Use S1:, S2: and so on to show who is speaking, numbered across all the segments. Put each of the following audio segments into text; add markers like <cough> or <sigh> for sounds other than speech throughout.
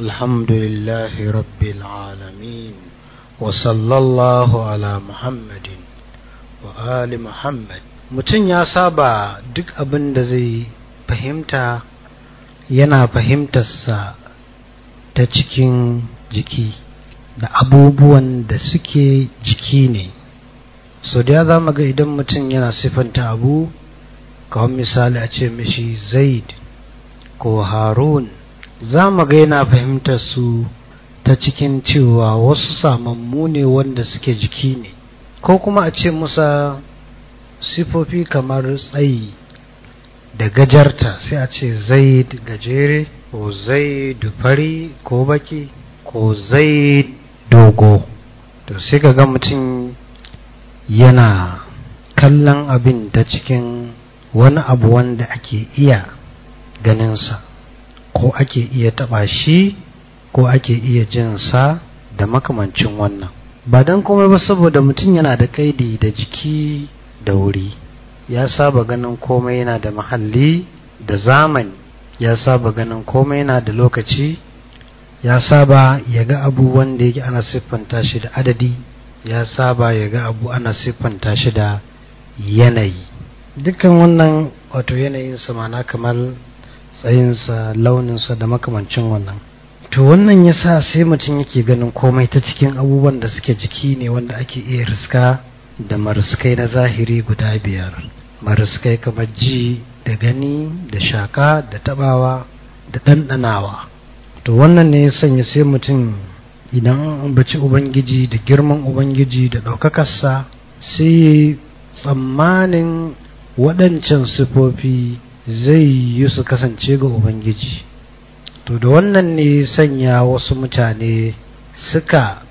S1: الحمد لله رب العالمين وصلى الله على محمد وآل محمد mutum ya saba duk abin da zai fahimta yana fahimtarsa ta cikin jiki da abubuwan da suke jiki ne so da ya zama ga idan mutum yana siffanta abu kawai misali ace ce mishi zaid ko harun za mu ga yana fahimtar su ta cikin cewa wasu samammu ne wanda suke jiki ne ko kuma a ce musa sifofi kamar tsayi da gajarta sai a ce zai gajere ko zai fari ko baki ko zai dogo to sai ka ga mutum yana kallon abin ta cikin wani abu wanda ake iya ganinsa ko ake iya taɓa shi ko ake iya jinsa da makamancin wannan ba don komai ba saboda mutum yana da kaidi da jiki da wuri ya saba ganin komai yana da mahalli da zamani ya saba ganin komai yana da lokaci ya saba ya ga abu wanda yake ana siffanta shi da adadi ya saba ya ga abu ana siffanta shi da yanayi dukkan wannan wato yanayin samana kamar tsayinsa launinsa da makamancin wannan to wannan ya sa sai mutum yake ganin komai ta cikin abubuwan da suke jiki ne wanda ake iya riska da mariskai na zahiri guda biyar mariskai kamar ji da gani da shaka da tabawa da ɗanɗanawa to wannan ne ya sanya sai mutum idan an ambaci ubangiji da girman ubangiji da ɗaukakarsa sai tsammanin waɗancan sifofi zai yi su kasance ga ubangiji to da wannan ne sanya wasu mutane suka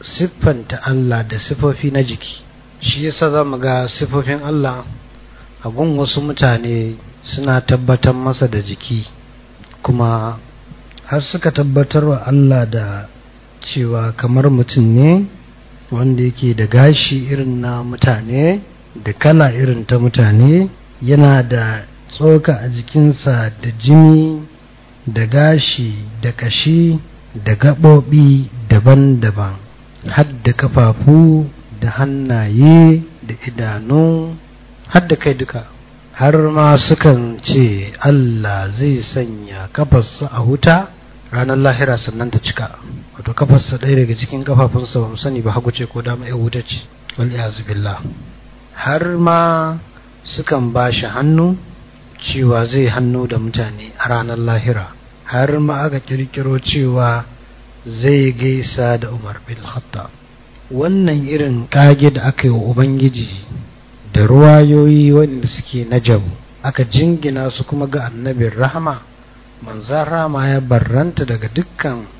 S1: siffanta Allah da sifofi na jiki shi yasa za mu ga sifofin Allah a gun wasu mutane suna tabbatar masa da jiki kuma har suka tabbatar wa Allah da cewa kamar mutum ne wanda yake da gashi irin na mutane da kala irin ta mutane yana da tsoka a jikinsa da jini da gashi da kashi da gaɓoɓi daban-daban har da kafafu da hannaye da idanu har kai duka har ma sukan ce Allah zai sanya kafarsa a wuta ranar lahira sannan ta cika wato kafarsa ɗaya daga cikin kafafunsa ba sani ba hagu ce ko dama ya wuta ce wal billah har ma sukan ba shi hannu cewa zai hannu da mutane a ranar lahira har ma aka kirkiro cewa zai gaisa da umar bin hatta wannan irin kage da aka yi wa ubangiji da ruwayoyi wanda suke na jabu aka jingina su kuma ga annabin rahama manzan rama ya barranta daga dukkan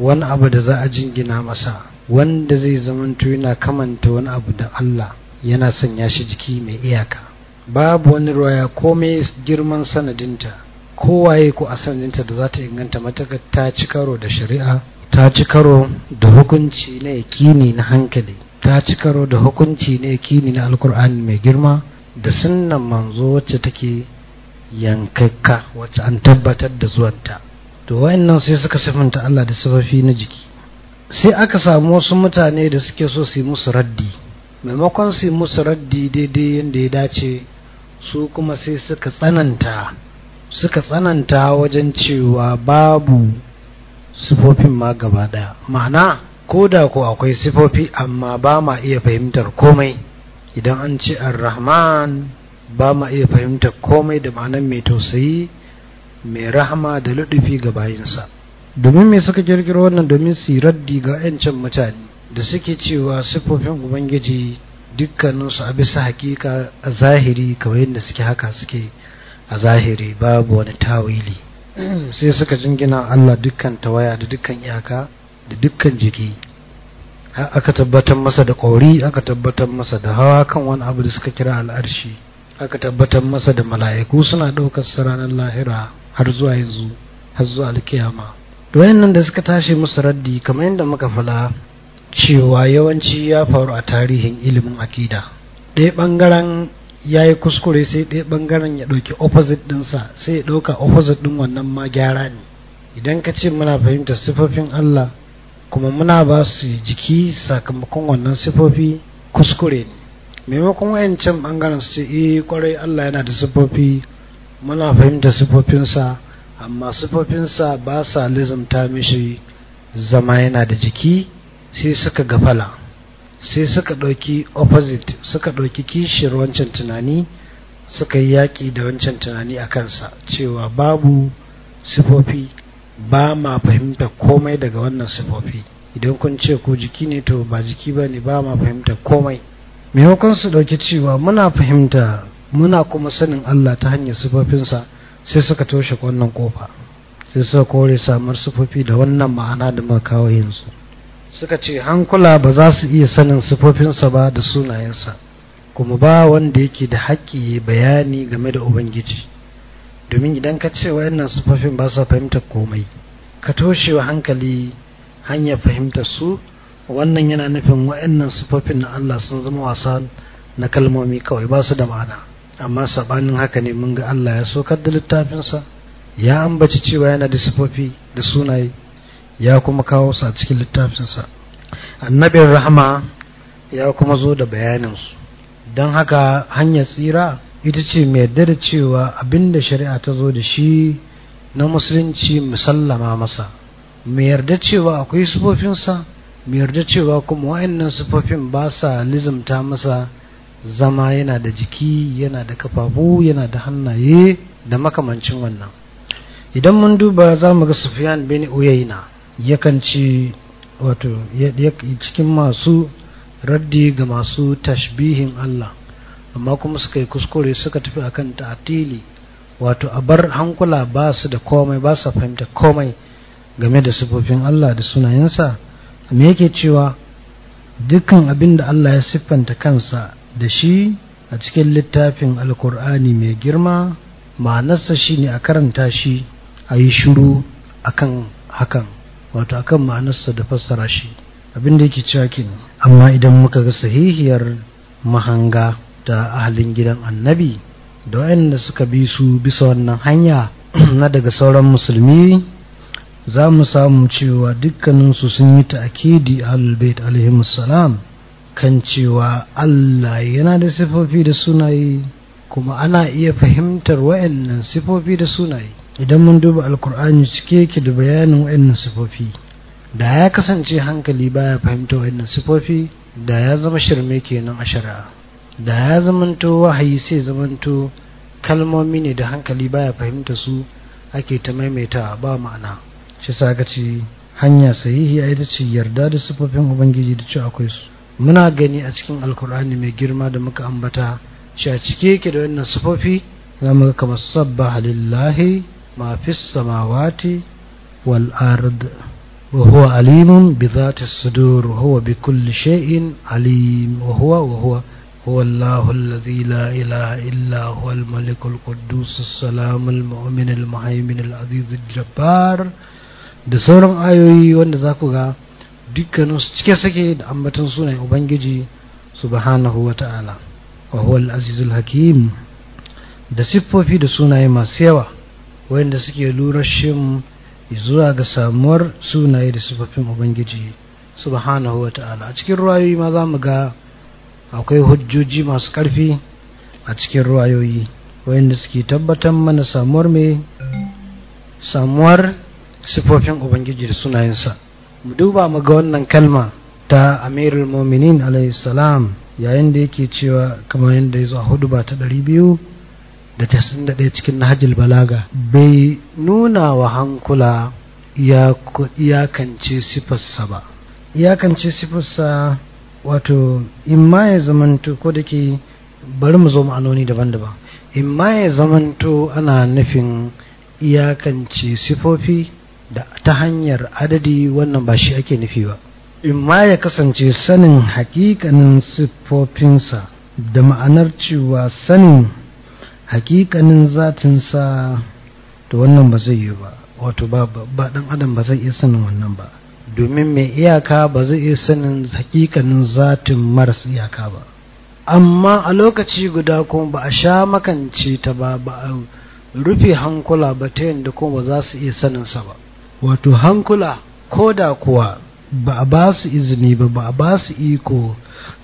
S1: wani abu da za a jingina masa wanda zai zamanto yana kamanta wani abu da Allah yana sanya shi jiki mai iyaka babu wani ruwaya komai girman sanadinta kowaye ko a sanadinta da za ta inganta matakar ta ci karo da shari'a ta ci karo da hukunci na yakini na hankali ta ci karo da hukunci na yakini na alkur'ani mai girma da sunnan manzo wacce take yankakka wacce an tabbatar da zuwanta to wayannan sai suka sifanta Allah da sabafi na jiki sai aka samu wasu mutane da suke so su yi musu raddi maimakon su yi musu raddi daidai yadda ya dace su kuma sai suka tsananta suka tsananta wajen cewa babu sifofin ma gaba daya ma'ana ko da ku akwai sifofi amma ba ma iya fahimtar komai idan an ce ar-rahman ba ma iya fahimtar komai da ma'anar mai tausayi mai rahama da ludufi ga bayinsa domin me suka kirkiro wannan domin su raddi ga 'yancin mutane da suke cewa sifofin ubangiji dukkaninsu a bisa hakika a zahiri kamar yadda suke haka suke a zahiri babu wani tawili <clears throat> sai suka jingina Allah dukkan tawaya da dukkan iyaka da dukkan jiki aka tabbatar masa da ƙori aka tabbatar masa da hawa kan wani abu da suka kira al'arshi aka tabbatar masa da mala'iku suna ɗaukar ranar lahira har zuwa yanzu har zuwa alkiyama to nan da suka tashi musu raddi kamar yadda muka fala cewa yawanci ya faru a tarihin ilimin akida ɗaya ɓangaren ya yi kuskure sai ɗaya ɓangaren ya ɗauki opposite ɗinsa sai ya ɗauka opposite ɗin wannan ma gyara ne idan ka ce muna fahimta sifofin Allah kuma muna ba su jiki sakamakon wannan sifofi kuskure ne maimakon wayancan ɓangaren su ce eh kwarai Allah yana da sifofi muna fahimta sifofinsa amma sifofinsa ba sa lizimta mishi zama yana da jiki sai suka gafala sai suka ɗauki opposite suka ɗauki kishiyar wancan tunani suka yi yaƙi da wancan tunani a kansa cewa babu sifofi ba ma fahimta komai daga wannan sifofi idan kun ce ko jiki ne to ba jiki ba ne ba ma fahimta komai maimakon su ɗauki cewa muna fahimta muna kuma sanin Allah ta hanyar sifofinsa sai suka toshe wannan kofa sai suka kore samar sifofi da wannan ma'ana da muka kawo yanzu suka ce hankula ba za su iya sanin sufofinsa ba da sunayensa kuma ba wanda yake da haƙƙi bayani game da ubangiji domin idan ka ce wayannan sufofin ba sa fahimtar komai ka toshewa hankali hanyar fahimtar su wannan yana nufin wayannan sufofin na Allah sun zama wasa na kalmomi kawai ba su da ma'ana amma sabanin haka ne mun ga Allah ya sokar da littafinsa ya ambaci cewa yana da sufofi da sunaye ya kuma kawo su a cikin littafinsa annabin rahama ya kuma zo da bayaninsu don haka hanyar tsira ita ce mai yarda da cewa abinda shari'a ta zo da shi na musulunci musallama masa mai yarda cewa akwai sufofinsa mai yarda cewa kuma wa'annan sufofin ba sa lizimta masa zama yana da jiki yana da kafafu yana da hannaye da makamancin wannan idan mun duba za mu ga sufiyan bin uyayina. yakan ci wato cikin masu raddi ga masu tashbihin Allah amma kuma suka yi kuskure suka tafi akan ta'atili wato a bar hankula ba su da komai ba su fahimta komai game da sifofin Allah da sunayensa me yake cewa dukkan abin da Allah ya siffanta kansa da shi a cikin littafin alkur'ani mai girma ma'anarsa shi ne a karanta shi a yi shiru akan hakan wato akan ma'anarsa da fassara shi abin da yake cewa kin amma idan muka ga sahihiyar mahanga da ahalin gidan annabi da waɗanda suka bi su bisa wannan hanya <clears throat> na daga sauran musulmi za mu samu cewa dukkaninsu sun yi ta'akidi albait alaihi salam kan cewa Allah yana da sifofi da sunaye kuma ana iya fahimtar waɗannan sifofi da sunaye idan mun duba alkur'ani cike yake da bayanin wa'annan sifofi da ya kasance hankali baya fahimta wa'annan sifofi da ya zama shirme kenan a shari'a da ya zamanto wahayi sai zamanto kalmomi ne da hankali baya fahimta su ake ta maimaita ba ma'ana shi sa ka ce hanya sahihi a ita ce yarda da sifofin ubangiji da ci akwai su muna gani a cikin alkur'ani mai girma da muka ambata shi a cike yake da wannan sifofi za mu ga kamar sabba halillahi ما في السماوات والأرض وهو عليم بذات الصدور وهو بكل شيء عليم وهو وهو هو الله الذي لا إله إلا هو الملك القدوس السلام المؤمن المهيمن العزيز الجبار da sauran ayoyi wanda za ku ga su cike suke da ambatan sunayen ubangiji subhanahu wa ta'ala wa huwa al-azizul hakim da siffofi da sunaye masu yawa wanda suke lura shin zuwa ga samuwar sunaye da sifofin ubangiji subhanahu wa ta'ala a cikin ruwayoyi ma za mu ga akwai hujjoji masu karfi a cikin ruwayoyi wayanda suke tabbatar mana samuwar mai samuwar sifofin ubangiji da sunayensa mu duba mu ga wannan kalma ta amirul mominin alayhi salam yayin da yake cewa kamar yadda ya zo a hudu ba ta ɗari biyu da tasirin da ɗaya cikin nahajil balaga bai nuna wa hankula iyakance sifarsa ba iyakance sifarsa wato in ma ya zamanto ko da ke bari mu zo ma'anoni daban-daban In ma ya zamanto ana nufin iyakance sifofi da ta hanyar adadi wannan ba shi ake nufi ba In ma ya kasance sanin hakikanin siffofinsa da ma'anar cewa sanin hakikanin zatinsa to wannan ba zai yi ba wato ba dan adam ba zai iya sanin wannan ba domin mai iyaka ba zai iya sanin hakikanin zatin maras iyaka ba amma a lokaci guda kuma ba a sha makance ta ba ba a rufe hankula ba ta yadda kuma ba za su iya saninsa ba wato hankula ko da kuwa ba a ba su izini ba ba a ba su iko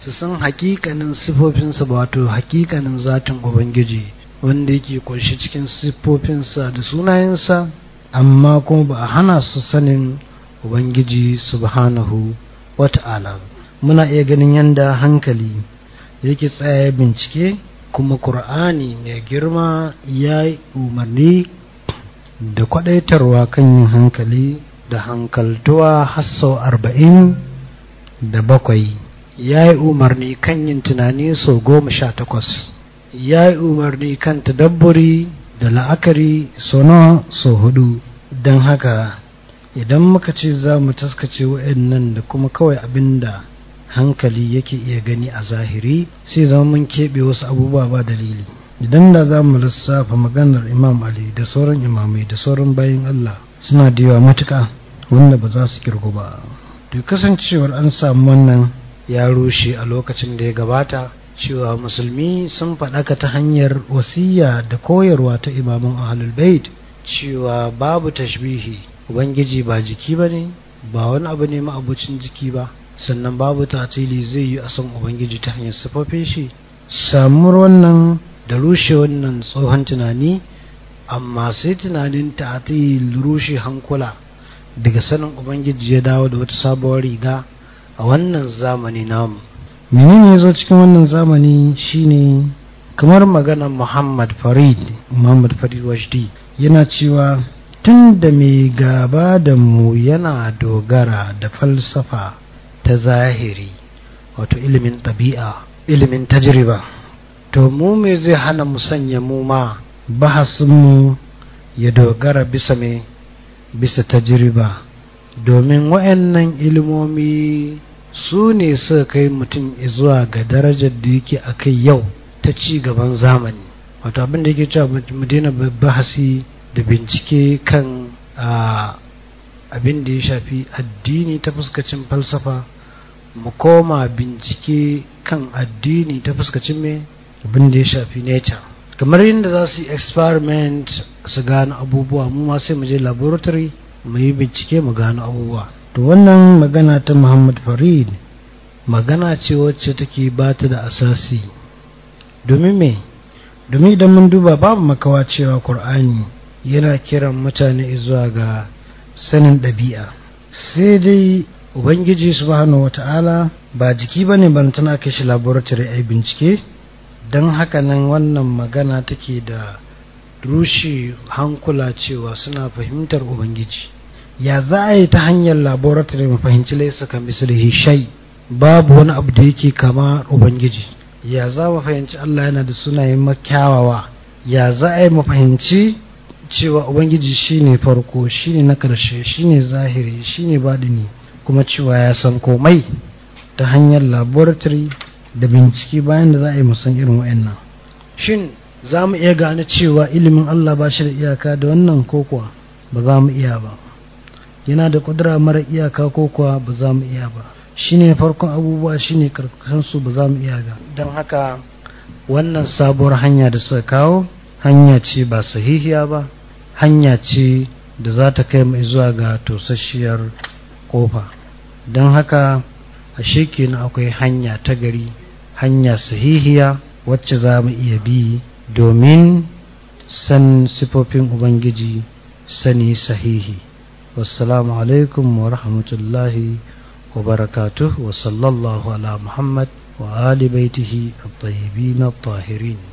S1: su san hakikanin sifofinsa ba wato hakikanin zatin ubangiji wanda yake kunshi cikin siffofinsa da sunayensa amma kuma ba a hana su sanin ubangiji subhanahu wata'ala muna iya ganin yadda hankali yake tsaya bincike kuma ƙur'ani mai girma ya yi umarni da kwadaitarwa kan yin hankali da hankaltuwa hassau arba'in da bakwai ya yi umarni kan yin tunani sau goma sha takwas ya yi umarni kan tadabburi da la'akari so nawa so hudu don haka idan muka ce za mu taskace wa'annan da kuma kawai abin da hankali yake iya gani a zahiri sai zama mun keɓe wasu abubuwa ba dalili idan da za mu lissafa maganar imam ali da sauran imamai da sauran bayan allah suna da yawa matuka wanda ba za su kirgu ba to kasancewar an samu wannan ya rushe a lokacin da ya gabata cewa musulmi sun faɗaka ta hanyar wasiya da koyarwa ta imamin ahlul bait cewa babu tashbihi ubangiji ba jiki ba ne ba wani abu ne ma'abucin jiki ba sannan babu tatili zai yi a son ubangiji ta hanyar sufafe shi samuwar wannan da rushe wannan tsohon tunani amma sai tunanin tatil rushe hankula daga sanin ubangiji ya dawo da wata sabuwar riga a wannan zamani namu menene ya zo cikin wannan zamani shine kamar maganar muhammad farid muhammad farid washdi yana cewa tun da mai gaba da mu yana dogara da falsafa ta zahiri wato ilimin ɗabi'a ilimin tajriba to mu me zai hana mu sanya mu ma bahasinmu ya dogara bisa mai bisa tajriba domin wa'annan ilimomi su ne suka kai mutum zuwa ga darajar da yake a kai yau ta ci gaban zamani wato abin da yake cewa mu daina bahasi da bincike kan abin da ya shafi addini ta fuskacin falsafa mu koma bincike kan addini ta fuskacin me abin da ya shafi nature kamar yadda za su yi experiment su gano abubuwa mu ma sai mu je laboratory mu yi bincike mu gano abubuwa to wannan magana ta muhammad farid magana ce wacce take ba ta da asasi domin me domin idan mun duba babu makawa cewa ƙur'ani yana kiran mutane zuwa ga sanin ɗabi'a sai dai ubangiji subhanahu wata'ala ba jiki ba ne tana kashe shi laboratory a bincike don haka nan wannan magana take da rushe hankula cewa suna fahimtar ubangiji ya za a yi ta hanyar laboratory mu fahimci laisa kan mislihi shay babu wani abu da yake kama ubangiji ya za mu fahimci Allah yana da sunayen makyawawa ya za a yi mu fahimci cewa ubangiji shine farko shine na karshe shine zahiri shine badini kuma cewa ya san komai ta hanyar laboratory da bincike bayan da za a yi musan irin wa'annan shin za mu iya gane cewa ilimin Allah ba shi da iyaka da wannan ko ba za mu iya ba yana da kudura mara iyaka ko kuwa ba za mu iya ba shi ne farkon abubuwa shi shine karkashinsu ba za mu iya ga don haka wannan sabuwar hanya da suka kawo hanya ce ba sahihiya ba hanya ce da za ta kai mai zuwa ga tosasshiyar kofa don haka a shekina akwai hanya ta gari hanya sahihiya wacce za mu iya bi domin san sifofin ubangiji sani sahihi wassalamu alaikum wa rahmatullahi wa barakatuh wa sallallahu ala muhammad wa ali baitihi at-tayyibin at-tahirin